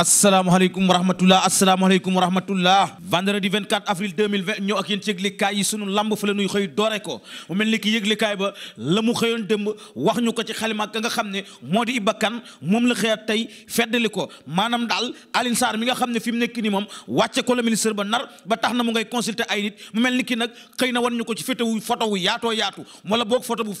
asalaamaaleykum wa rahmatulah asalaamaaleykum wa rahmatulah vendredi 24 avril 2020 ñëw ak yéen ci yëglikaay yi sunu lamb fa la nuy xëy doore ko mu mel ni ki yëglikaay ba la mu xëyoon démb wax ñu ko ci xalima ka nga xam ne moo di Iba Kane moom la xëyaat tey feddali ko maanaam daal Alioune Sarr mi nga xam ne fi mu nekk nii moom wàcce ko la ba nar ba tax na mu ngay consulter ay nit mu mel ni ki nag xëy na wan ñu ko ci fété wu photo wu yaatoo yaatu wala boog photo bu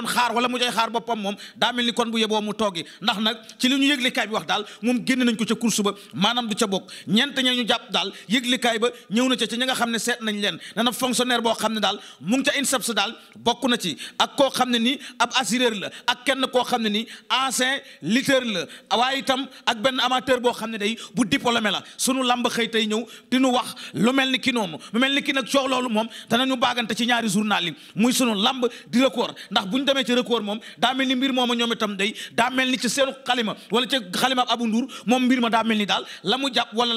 a doon xaar wala mu jay xaar boppam moom daa mel ni kon bu yeboo mu toogi ndax nag ci li ñu yëglikaay bi wax daal moom génn nañ ko ca course ba maanaam du ca bokk ñeent ña ñu jàpp daal yëglikaay ba ñëw na ca ci ñi nga xam ne seet nañ leen dana fonctionnaire boo xam ne daal mu ngi ca INSEPS daal bokk na ci ak koo xam ne ni ab assureur la ak kenn koo xam ne ni ancien lutteur la waaye itam ak benn amateur boo xam ne day bu diplômé la sunu lamb xëy tey ñëw di nu wax lu mel ni ki noonu lu mel ni ki nag coow loolu moom danañu baagante ci ñaari journal yi muy sunu lamb di record ndax buñ demee ci record moom daa mel ni mbir mooma ñoom itam day daa mel ni ci seenu xalima wala ci ma daa mel ni daal la jàpp wala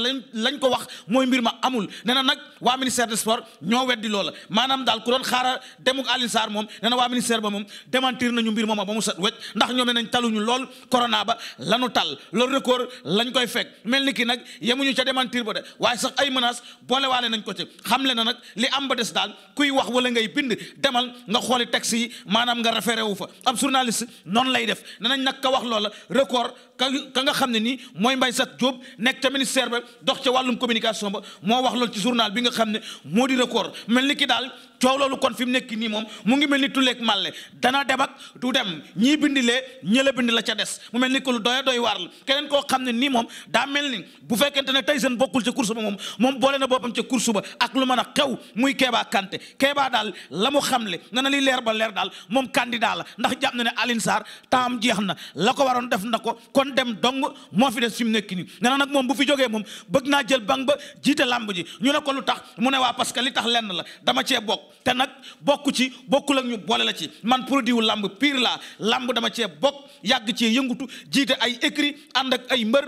lañ ko wax mooy mbir ma amul nee na nag waa ministère des sports ñoo weddi loola maanaam daal ku doon xaara demuk Alioune Sarr moom nee na waa ministère ba moom démentir nañu mbir mooma ba mu set wecc ndax ñoom nañ taluñu lool corona ba lanu tal loolu record lañ koy fekk mel ni ki nag yemuñu ca démentir ba de waaye sax ay menaces boolewaale nañ ko ci xamle na nag li am ba des daal kuy wax wala ngay bind demal nga xooli référé wu fa ab journaliste noonu lay def ne nañ nag ka wax loola record ka ka nga xam ne nii mooy Mbaye Sat Diop nekk ca ministère ba dox ca wàllum communication ba moo wax loolu ci journal bi nga xam ne moo di record mel ni ki daal coow loolu kon fi mu nekk nii moom mu ngi mel ni tuleeg màlle dana dem ak du dem ñii bindilee ñëla bindi la ca des mu mel ni ko lu doy doy waar la keneen koo xam ne nii moom daa mel ni bu fekkente ne tey seen bokkul ca course ba moom moom boole na boppam ca course ba ak lu mën a xew muy Kéba Kanté Kéba daal la mu xamle na na li leer ba leer daal moom candidat la ndax jàpp na ne Alioune saar taam jeex na la ko waroon def na ko kon dem dong moo fi des fi mu nekk nii nee nag moom bu fi jógee moom bëgg naa jël bank ba jiite làmb ji ñu ne ko lu tax mu ne waa parce que li tax lenn la dama cee bokk te nag bokk ci bokkul ak ñu boole la ci man produit wu làmb piir la làmb dama ceeb bokk yàgg cee yëngutu jiite ay écrit ànd ak ay mbër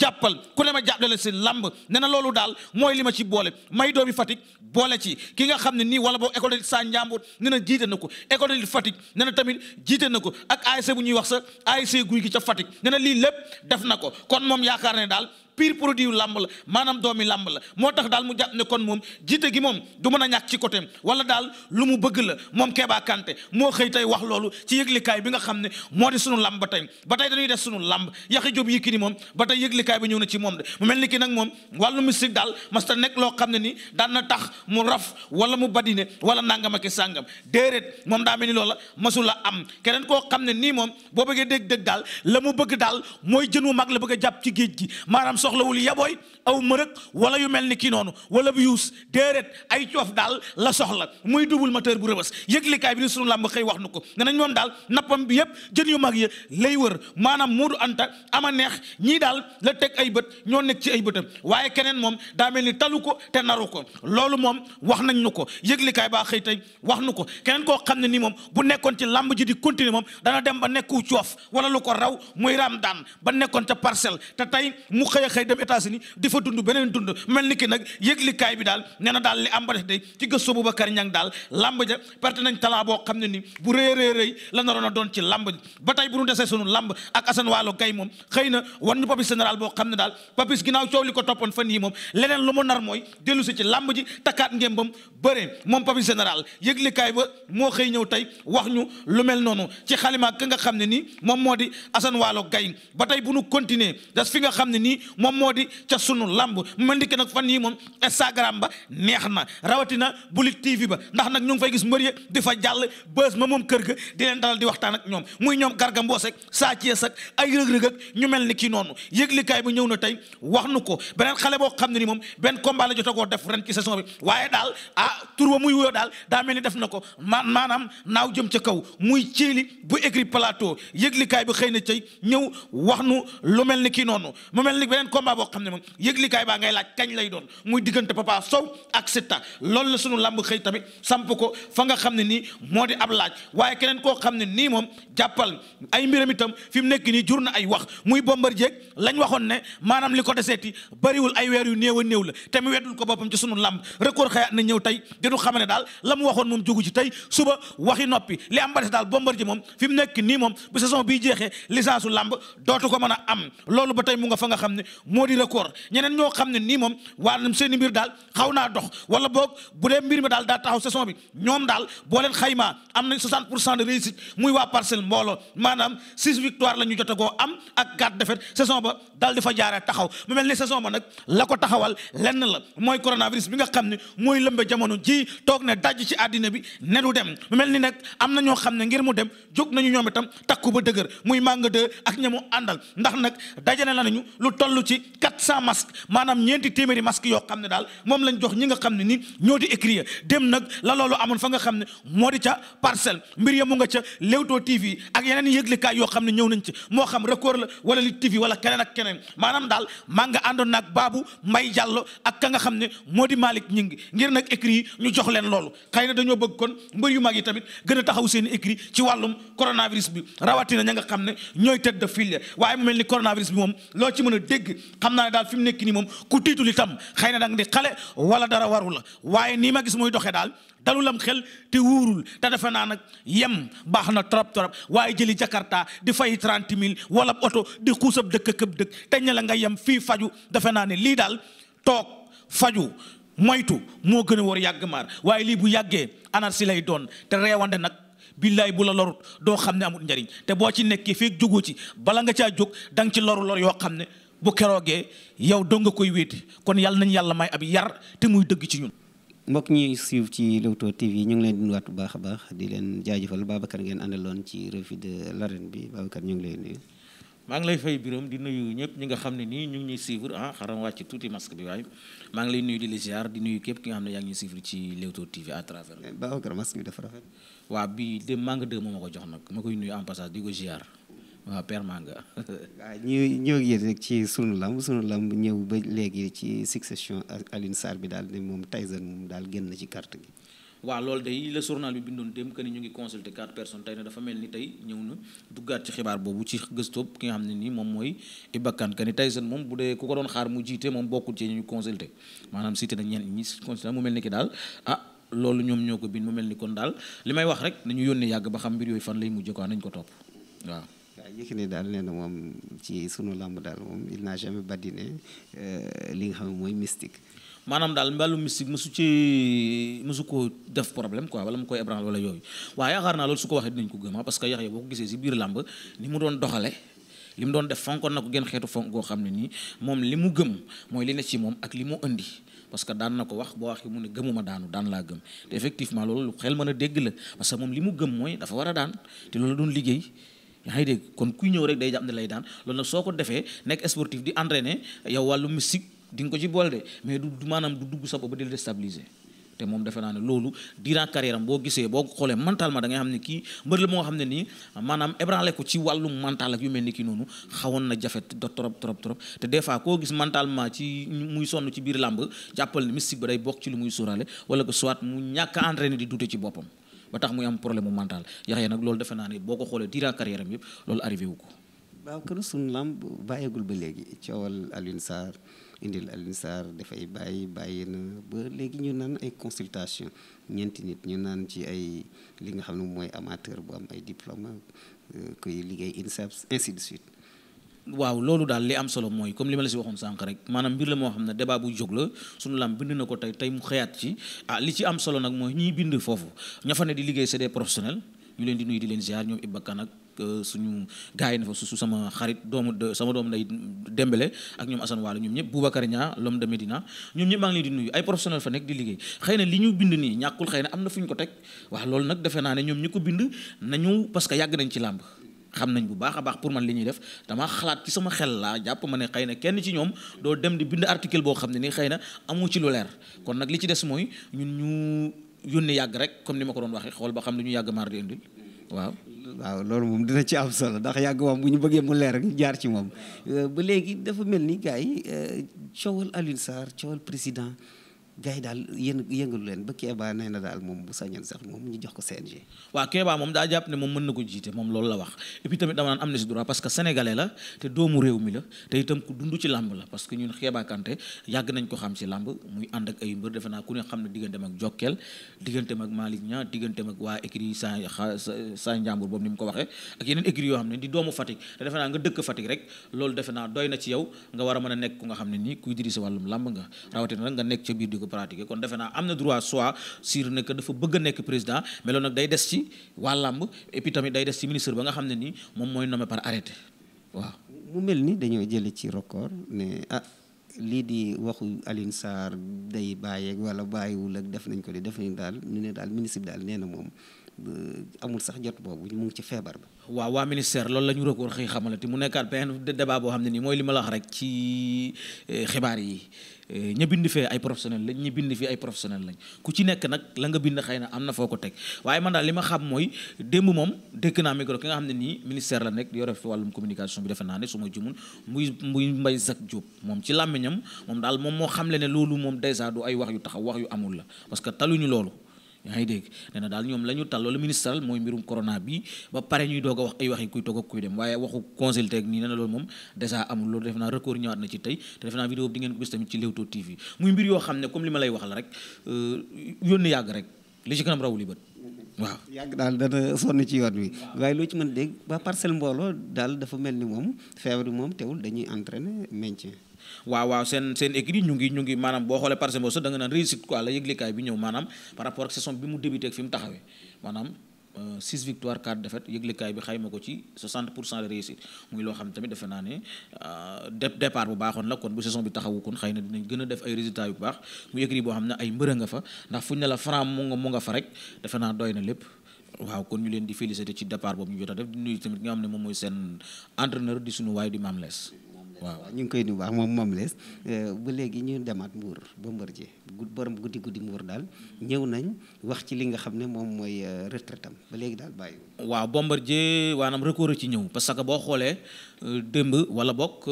jàppal ku ne ma jàppale la si làmb ne na loolu daal mooy li ma ci boole may doomi Fatick boole ci ki nga xam ne nii wala boo école saa njàmbur ne na jiite na ko école de Fatick ne na tamit jiite na ko ak ASC bu ñuy wax sa ASC guy gi ca Fatick ne na lii lépp def na ko kon moom yaakaar ne daal pire produit làmb la maanaam doomi làmb la moo tax daal mu jàpp ne kon moom jiite gi moom du mën a ñàkk ci côté wala daal lu mu bëgg la moom Keba Kanté moo xëy tey wax loolu ci yëglikaay bi nga xam ne moo di sunu làmb ba tey ba tey dañuy def sunu làmb yaxi jóob yi ki ni moom ba tey yëglikaay bi ñëw na ci moom de mu mel ni ki nag moom wàllu mystique daal mas ta nekk loo xam ne nii daan na tax mu raf wala mu badine wala nangam ak sàngam déedéet daa mel ni loola masu la am keneen koo xam ne nii moom boo bëggee dégg dégg daal la mu bëgg daal mooy jën wu mag la bëgg a jàpp ci géej gi maanaam soxlawul yaboy aw mërëg wala yu mel ni kii noonu wala bu yuus déeréet ay coof daal la soxla muy double moteur bu rëbës yëglikaay bi ni sunu làmb xëy wax nu ko ne nañ moom daal nappam bi yëpp jën yu mag yi lay wër maanaam Moodu Anta ama neex ñii daal la teg ay bët ñoo nekk ci ay bëtam waaye keneen moom daa mel ni talu ko te naru ko loolu moom wax nañ nu ko yëglikaay baa xëy tey wax nu ko keneen koo xam ne nii moom bu nekkoon ci làmb ji di continuer moom dana dem ba nekku coof wala lu ko raw muy raam daan ba nekkoon ca parcelle te tey mu xëy xëy dem États-Unis di fa dund beneen dund mel ni ki nag yëglikaay bi daal nee daal li am ba def day ci gëstu Boubacar Niang daal lamb ja perte nañ boo xam ne ni bu rëy rëy rëy la naroon a doon ci lamb ji ba tey bu ñu desee sunu lamb ak Assane Waalo Gaye moom xëy na wan ñu papis général boo xam ne daal papis ginnaaw coow li ko toppoon fan yii moom leneen lu mu nar mooy dellu si ci lamb ji takkaat ngémbam bëree moom papis général yëglikaay ba moo xëy ñëw tey wax ñu lu mel noonu ci xalima ka nga xam ne nii moom moo di Assane Waalo Gaye ba tey bu moom moo di ca sunu lamb mu mel ni que nag fan yii moom Instagram ba neex na rawatina bulit TV ba ndax nag ñu ngi fay gis mbër yi di fa jàll bës ma moom kër ga di leen dalal di waxtaan ak ñoom muy ñoom Garga Mbossé ak Sa Thiès ak ay rëg-rëg ak ñu mel ni kii noonu yëglikaay bu ñëw na tey wax nu ko beneen xale boo xam ne ni moom benn combat la jotagoo def ren ci saison waaye daal ah tur wa muy wuyoo daal daa mel ni def na ko ma maanaam naaw jëm ca kaw muy ceeli bu écrit plateau yëglikaay bu xëy na tey ñëw wax nu lu mel ni ki noonu mu ni beneen combat boo xam ne moom yëglikaay baa ngay laaj kañ lay doon muy diggante Papa Sow ak Siteu loolu la sunu làmb xëy tamit samp ko fa nga xam ne nii moo di ab laaj waaye keneen koo xam ne nii moom jàppal ay mbiram itam fi mu nekk nii jur na ay wax muy Bombardier lañ waxoon ne maanaam li ko deseeti bariwul ay weer yu néew néew la te mu weddul ko boppam ci sunu làmb record na ñëw tey dinu xam ne daal la mu waxoon moom jógu ci tey suba waxi noppi li am ba des daal moom fi mu nekk nii moom bu saison bii jeexee licence u làmb dootu ko mën a am loolu ba tey mu nga fa nga xam ne moo di record ñeneen ñoo xam ne nii moom wàllum seen i mbir daal xaw naa dox wala boo bu dee mbir mi daal daa taxaw saison bi ñoom daal boo leen xaymaa am nañ 60 pour cent de réussite muy waa parcelle mbooloo maanaam six victoire la ñu jotagoo am ak quatre défaite saison ba daal di fa jaaree taxaw mu mel ni saison ba nag la ko taxawal lenn la mooy coronavirus bi nga xam ne mooy lëmbe jamono ji toog ne dajj ci àddina bi ne dem mu mel ni nag am na ñoo xam ne ngir mu dem jóg nañu ñoom itam takku ba dëgër muy mànga de ak ñamu àndal ndax nag dajale nañu lu toll ci ci 400 masques maanaam ñeenti téeméeri masques yoo xam ne daal moom lañ jox ñi nga xam ne ni ñoo di écrire dem nag la loolu amoon fa nga xam ne moo di ca parcelle mbir ya mu nga ca Leewtoo TV ak yeneen yëglikaay yoo xam ne ñëw nañ ci moo xam record la wala li TV wala keneen ak keneen maanaam daal maa nga àndoon naag Babou Mbaye ka nga xam ne moo di Malick Ñing ngir nag écrit yi ñu jox leen loolu xëy na dañoo bëgg kon mbër yu mag yi tamit gën taxaw seen écrit ci wàllum coronavirus bi rawatina ña nga xam ne ñooy tête de file waaye mu mel ni coronavirus bi moom loo ci mën a dégg xam naa ne daal fi mu nekk nii moom ku tiitul itam xëy na da nga di xale wala dara waru la waaye nii ma gis muy doxee daal dalulam xel te wuurul te defe naa nag yem baax na trop trop waaye jëli Jakarta di fay trente mille wala oto di xuusab dëkk këb dëkk te ña la nga yem fii faju defe naa ne lii daal toog faju moytu moo gën a war yàgg maar waaye lii bu yàggee anarsi lay doon te reewande nag billaay bu la lorut doo xam ne amul njariñ te boo ci nekkee fii jógoo ci bala nga caa jóg danga ci yoo xam ne bu keroogee yow doo nga koy wéeti kon yàlla nañu yàlla may ab yar te muy dëgg ci ñun. mbokk ñuy suivre ci Leewtoo TV ñu ngi leen di nuyuwaat bu baax a baax di leen jaajëfal Babacar ngeen àndaloon ci revue de l'arène bi Babacar ñu ngi lay nuyu. ngi lay fay biram di nuyu ñëpp ñi nga xam ne nii ñu ngi ñuy suivre ah xaram wàcc tuuti ngi lay nuyu di la di nuyu képp ki nga xam ne yaa ngi ñuy suivre ci Leewtoo TV à travers. Babacar bi dafa rafet. waa bii de manque de moom ma jox nag ma koy nuyu en passage di ko ziar. waaw Père Manga. waaw ñu ñoo ngi ci sunu lamb sunu lamb ñëw ba léegi ci succession Alioune Sarr bi daal ne moom Tyson moom daal génn na ci carte gi. waaw loolu day la journal bi dem ñu ngi consulter quatre personnes tey dafa mel ni tey ñëw na duggaat boobu ci gëstoob ki nga xam ne nii moom mooy Iba Kane que moom bu dee ku ko doon xaar mu jiite moom bokkul ñu consulter maanaam cité na ñenn mel ni ki daal ah loolu ñoo ko bind mu mel ni kon daal li may wax rek nañu yónnee yàgg ba xam mbir yooyu fan lay mujjee quoi nañ ko topp waaw. waaw Yékini daal nee na moom ci sunu làmb daal moom il n'a jamais badiné euh, li nga xam ne mooy mystique. maanaam daal mbalu mbàllu mystique su ci mosu ko def problème quoi wala mu koy ébranle wala yooyu waaw yaakaar naa loolu su ko waxee dinañ ko gëm ah, parce que Yaxya boo ko gisee si biir làmb ni mu doon doxale li mu doon def fonkoon na ko gen xeetu fonk goo xam ne nii moom li mu gëm mooy li ne ci moom ak li mu indi parce que daan na ko wax boo waxee mu ne gëmuma daanu daan laa gëm te effectivement loolu lu xel mën a dégg la parce que moom li mu gëm mooy dafa war a daan te doon liggéey. yaa ngi dégg kon kuy ñëw rek day jàpp ne lay daan loolu nag soo ko defee nekk sportif di entraîner yow wàllu mystique di nga ko ci boole de mais du maanaam du dugg sa bopp ba di déstabiliser te moom defe naa ne loolu durant carrière am boo gisee boo xoolee mentalement da ngay xam ne kii mbër la moo xam ne nii maanaam ébranlé ko ci wàllu mental yu mel ni kii noonu xawoon na jafe do trop trop trop te des fois koo gis mentalement ci muy sonn ci biir làmb jàppal ne mystique ba day bokk ci lu muy sóoraale wala que soit mu ñàkk a entraîné di dute ci boppam ba tax muy am problème mu mental Yaxya nag loolu defe naa ne boo ko xoolee dira carrière am yëpp loolu arrivé wu ko. waaw këru suñu làmb bàyyeegul ba léegi coowal Alioune Sarr indil Alioune Sarr dafay bàyyi bàyyi na ba léegi ñu naan ay consultation ñeenti nit ñu naan ci ay li nga xam ne mooy amateur bu am ay diplôme euh, kuy liggéey INSEPS ainsi de suite. waaw loolu daal li am solo mooy comme li ma la si waxoon sànq rek maanaam mbir la moo xam ne débat bu jóg la sunu lam bind na ko tey tey mu xëyaat ci ah li ci am solo nag mooy ñiy bind foofu ña fa ne di liggéey c'est des professionnels ñu leen di nuyu di leen ziar ñoom Iba Kane euh, ak suñu gars yi ne su sama xarit doomu sama doomu nday Dembélé ak ñoom Assane Wala ñoom ñëpp Boubacar Niang l'homme de Médina ñoom ñëpp maa ngi leen di nuyu ay professionnel fa nekk di liggéey xëy na li ñu bind nii ñàkkul xëy na am na fu ñu ko teg waaw loolu nag defe naa ne ñoom ñi ko bind nañu parce que yàgg nañ ci làmb xam nañ bu baax a baax pour man li ñuy def dama xalaat ci sama xel laa jàpp ma ne xëy na kenn ci ñoom doo dem di bind article boo xam ne ni xëy na amu ci lu leer kon nag li ci des mooy ñun ñu yónni yàgg rek comme ni ma ko doon waxee xool ba xam li ñu yàgg maar di indil waaw. waaw loolu moom dina ci am solo ndax yàgg moom bu ñu bëggee mu leer rek jaar ci moom euh, ba léegi dafa mel ni gars yi euh, coowal Alioune Sarr coowal président. gars yi daal yéen yëngalu leen ba Kéba nee na daal moom bu sañoon sax moom ñu jox ko CNG. waaw Kéba moom daa jàpp ne moom mën na ko jiite moom loolu la wax et que ñun Kéba Kanté yàgg nañ ko xam si làmb muy ànd ak ay mbër defe naa ku ne xam ne digganteem ak Jokkel digganteem ak Malick Niang digganteem ak waa écurie sa sa njàmbur boobu ni mu ko waxee ak yeneen écurie yoo xam ne di doomu Fatick te defe naa nga dëkk Fatick rek loolu defe naa doy na ci yow nga war a mën a nekk ku nga xam ne nii kuy diri sa wàllum làmb nga rawatina ko kon defe naa am na droit soit sur ne dafa bëgg a nekk président meloon loolu day des ci waa làmb et puis day des ci ministre ba nga xam ne nii moom mooy nommé par arrêté waaw. mu mel ni dañoo jële ci record ne ah lii di waxu Alioune Sarr day bàyyeeg wala bàyyiwul ak def nañ ko di def nañ daal ñu ne daal ministre daal nee na moom. Euh, amul sax jot boobu mu ngi ci feebar bi. waaw waa ministère loolu la ñu rekoor xëy xamalati mu nekkaat benn débat boo xam ne nii mooy li ma la wax ci euh, xibaar yi euh, ña bind fee ay professionnel lañ ñi bind fii ay lañ ku ci nekk nag la bind xëy na am na foo ko teg waaye man daal li ma xam mooy démb moom dëkk naa micro ki nga xam ne nii ministère la nekk yore fi wàllum communication bi defe naa ne su ma jumul muy muy mbay Jacques Diop moom ci làmmiñam moom daal moom moo xamle ne loolu moom dèjà du ay wax yu taxaw wax yu amul la parce que taluñu loolu. yaa ngi dégg nee na daal ñoom la ñu tal loolu ministral mooy mbirum corona bi ba pare ñuy doog wax ay waxi kuy toog ak kuy dem waaye waxu consulté ak nii nee loolu moom dèjà amul loolu def naa record ñëwaat na ci tey te def naa vidéo bi di ngeen ko gis tamit ci TV muy mbir yoo xam ne comme li ma lay wax la rek euh, yónni yàgg rek li ci kanam raw li bët waaw yàgg daal dana sonn ci yoon wi waaye loo ci mën dégg ba parcelle mbooloo daal dafa mel ni moom feebar bi moom teewul dañuy entraîner maintien waaw waaw seen seen écrit ñu ngi ñu ngi maanaam boo xoolee parcelle mbooloo sax da nga naan réussite quoi la yëglekaay bi ñëw maanaam par rapport ak saison bi mu débuté ak mu taxawee maanaam Euh, six victoires quatre défaites yëglekaay bi xayma ko ci 60 pour cent de réussite muy loo xam tamit defe naa ne euh, départ bu baaxoon la kon bu saison bi taxawu kon xay na dinañ gën def ay résultats bu baax mu yëkkati boo xam ne ay mbër nga fa ndax fuñ ne la franc mu nga fa rek defe naa doy na lépp. waaw kon ñu leen di féliciter ci départ boobu ñu jot a def di nuyu tamit nga xam ne moom mooy seen entraîneur di suñu waay di Maam Lees waaw ñu ngi koy nuyu baax moom moom lees euh, ba léegi ñu demaat mbuur ba mbër ji borom guddi guddi mbuur daal ñëw nañ wax ci li nga xam ne moom mooy euh, retraitam ba léegi daal bàyyi waaw Bombardier waanam record ci ñëw parce que boo xoolee euh, démb wala bokk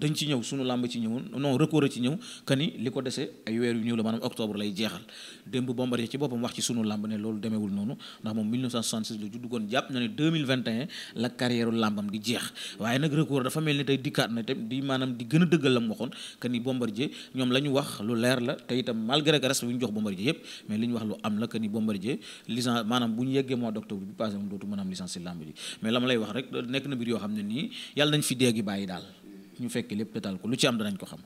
dañ ci ñëw sunu làmb ci ñëwoon non record ci ñëw que ni li ko dese ay weer yu ñëw la maanaam octobre lay jeexal démb Bombardier ci boppam wax ci sunu làmb ne loolu demeewul noonu ndax moom 1966 la judd goon jàpp na ne 2021 la carrière làmbam di jeex waaye nag record ni na tam di maanaam di gën a dëggal la mu waxoon que ni Bombardier ñoom la ñu wax lu leer la te itam malgré que respect bu ñu jox Bombardier yépp mais li wax lu am la que ni Bombardier maanaam bu ñu yeggee mois d'octobre bi passé moom dootu mën a ci làmb la ma lay wax mbir yoo xam ne nii yàlla nañ fi dégg bàyyi daal ñu fekk lépp pétal ko lu ci am danañ ko xam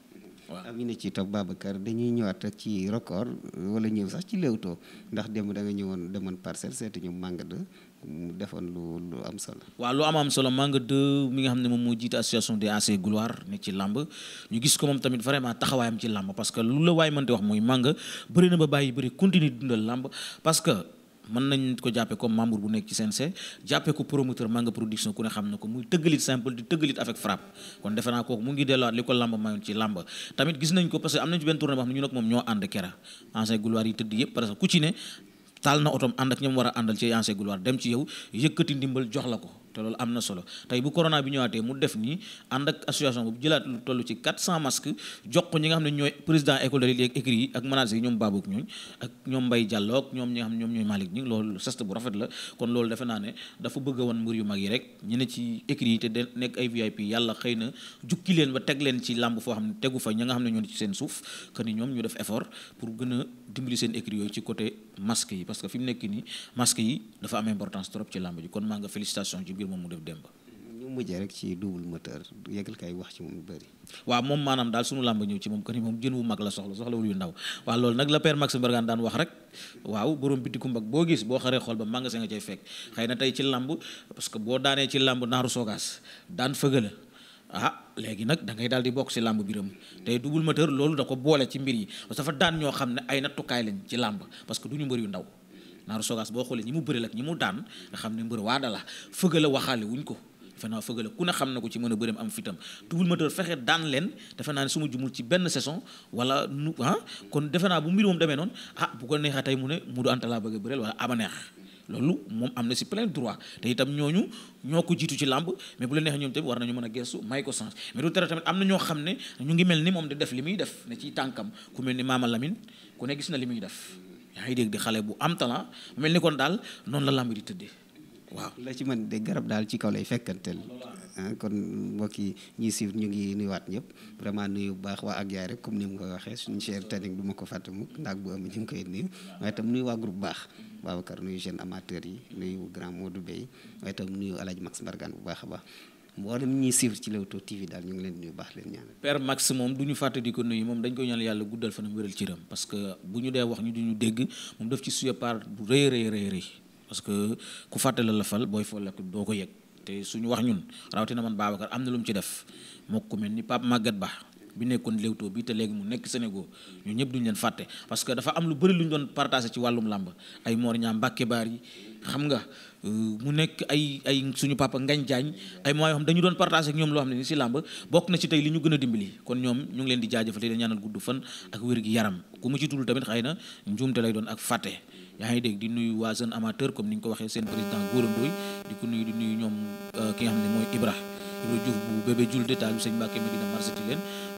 waaw am ñu ne ci topp Babacar dañuy ñëwaat rek ci record wala ñëw sax ci Leewtoo ndax dem da nga ñëwoon demoon parcelle seeti ñu Manga 2 mu defoon lu lu am solo. waaw lu am am solo Manga 2 mi nga xam ne moom mooy jiite association des anciens gloires ne ci làmb ñu gis ko moom tamit taxawaay taxawaayam ci làmb parce que lu la waay mën di wax mooy Manga bëri na ba bàyyi bëri continuer dundal làmb parce que. mën nañ ko jàppee comme membre bu nekk ci CNC jàppee ko promoteur Manga Production ku ne xam na ko muy tëggalit simple di tëggalit avec frappe kon defe naa kooku mu ngi delluwaat li ko làmb mayoon ci làmb tamit gis nañ ko parce que am nañ ci benn tournée boo xam ne ñu nag moom ñoo ànd kera ancien gloire yi tëdd yëpp parce que ku ci ne taal na otom ànd ak ñoom war a àndal ci ancien gloire dem ci yow yëkkati ndimbal jox la ko te loolu am na solo tey bu corona bi ñëwaatee mu def nii ànd ak association boobu jëlaat lu toll ci cent masques jox ko ñi nga xam ne ñooy président école de l' écrit yi ak manager yi ñoom Babouk ñooñ ak ñoom Mbaye Diallo ak ñoom ñi nga xam ñoom ñooy loolu sest bu rafet la kon loolu defe naa ne dafa a yi rek ne ci écrit nekk ay xëy na jukki leen ba teg leen ci làmb foo xam ne tegu nga xam ne ñoo ci seen suuf que ni ñu def effort pour gën a seen écrit yooyu ci côté masques yi parce que fi mu nekk nii masques yi dafa am importance trop ci làmb ji kon maa nga félicitation ji mbir moom mu def démb. ñu mujjee rek ci double moteur yëgal kay wax ci moom lu bëri. waaw moom maanaam daal sunu làmb ñëw ci moom que ni moom jën wu mag la soxla soxlawul yu ndaw waaw loolu nag la père Max Mbargane daan wax rek waaw borom biti kumbag boo gis boo xaree xool ba magasin nga cay fekk xëy na tey ci làmb parce que boo daanee ci làmb naaru soogaas daan fëgala ah léegi nag da ngay daal di bokk ci làmb biram tey double moteur loolu da ko boole ci mbir yi parce que dafa daan ñoo xam ne ay nattukaay lañ ci làmb parce que yu ndaw. naaru sogaas boo xoolee ñi mu bëreel ak ñi mu daan nga xam ne mbër waada la fëgal waxaale wuñ ko defe naa fëgal ku ne xam na ko ci mën a bëreem am fitam Double Moteur fexe daan leen defe ne su ma jumul ci benn saison ah, kon defe naa bu mbir moom demee noonu ah bu ko tey mu ne mu du anta bëgg a bëreel wala ama neex loolu moom am na si plein droit te itam ñooñu ñoo ko jiitu ci làmb mais bu la neexee ñoom tamit war nañu mën a gestu may ko sens mais du tere tamit am na ñoo xam ne ñu ngi mel ni moom di def li muy def ne ciy tànkam ku mel ni Maama Lamine ku ne gis na li muy def yaa ngi dégg di xale bu am talent mel ni kon daal noonu la lamb di tëddee waaw. la ci mën de garab daal ci kaw lay fekkanteel. Ah, kon mbokk yi ñuy suivre ñu ngi nuyuwaat ñëpp vraiment nuyu bu baax waa ak rek comme ni mu koy waxee suñu cher tanik du ma ko fàtte mukk ndax bu am ñu ngi koy nuyu waaye itam nuyu waa groupe baax Babacar nuyu jeune amateur yi nuyu grand du Bey waaye itam nuyu El Hadj Max Mbargane bu baax a baax. mboolem ñiy suivre ci Leewtoo TV daal ñu ngi leen di nuyu baax leen ñaanal. Père Max moom ñu fàtte di ko nuyu moom dañ ko ñaan yàlla guddal fanam wéral ci ram parce que bu ñu dee wax ñu duñu dégg moom daf ci suye part bu rëy rëy rëy parce que ku fàtte la la fal booy foole doo ko yëg te suñu wax ñun rawatina man Babacar am na lu mu ci def moo ko mel ni Pape Maguette Ba bi nekkoon Leewtoo bi te léegi mu nekk Sénégal ñu ñëpp duñu leen fàtte parce que dafa am lu bëri lu ñu doon partagé ci wàllum làmb ay Mor Niang Mbacke Baar xam nga Euh, mu nekk ay ay suñu papa Ngagne Diagne ay moments yoo xam dañu doon partager ak ñoom loo xam ne ni si làmb bokk na ci tey li ñu gën a dimbali kon ñoom ñu ngi leen di jaajëfal di ñaanal gudd fan ak wér gi ku mu ci tudd tamit xëy na njuumte lay doon ak fàtte yaa ngi dégg di nuyu waa jeune amateur comme ni ñu ko waxee seen président Gora Ndoye di ko nuyu di nuyu euh, nga xam ne mooy Ibra Ibra Diouf bu bébé jul détail bi sëñ Mbacke Medina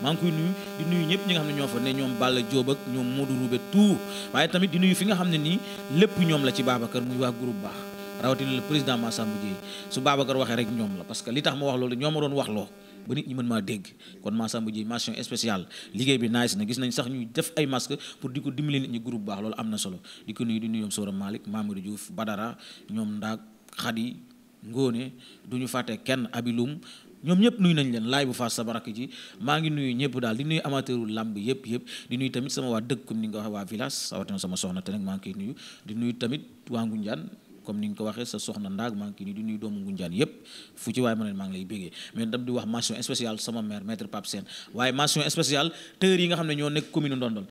ngi koy nuyu nuyu ñëpp ñi nga xam ñoo fa ne ñoom Balla Diop ak ñoom Modou waaye tamit di nuyu fi nga xam ne nii lépp ñoom la ci Babacar muy waa groupe baax rawatina le président Massamba Dieye su Babacar waxee rek ñoom la parce que li tax ma wax loolu ñoo ma doon wax loo ba nit ñi mën maa dégg kon Massamba Dieye mention spéciale liggéey bi nice na gis nañ sax ñu def ay masque pour di ko dimbali nit ñi groupe baax loolu am na solo di ko nuyu di nuyu ñoom Sora Malick Mamadou Diouf Badara ñoom Ndak Khady Ngone du ñu fàtte kenn Abiloum ñoom ñëpp nuyu nañ leen laay bu faas sabarak ji maa ngi nuyu ñëpp daal di nuyu amateuru làmb yëpp yëpp di tamit sama waa dëkk comme ni nga waxee waa village rawatina sama soxna te maa ngi koy nuyu di nuyu tamit waa Ngunjaan comme ni nga ko waxee sa soxna ndaag maa ngi kii nii di nuyu doomu ngunjaan yëpp fu ci waaye ma ne maa ngi lay bégee mais dam di wax mention spéciale sama mère maître Pape Sène waaye mention spéciale tër yi nga xam ne ñoo nekk commune Ndondol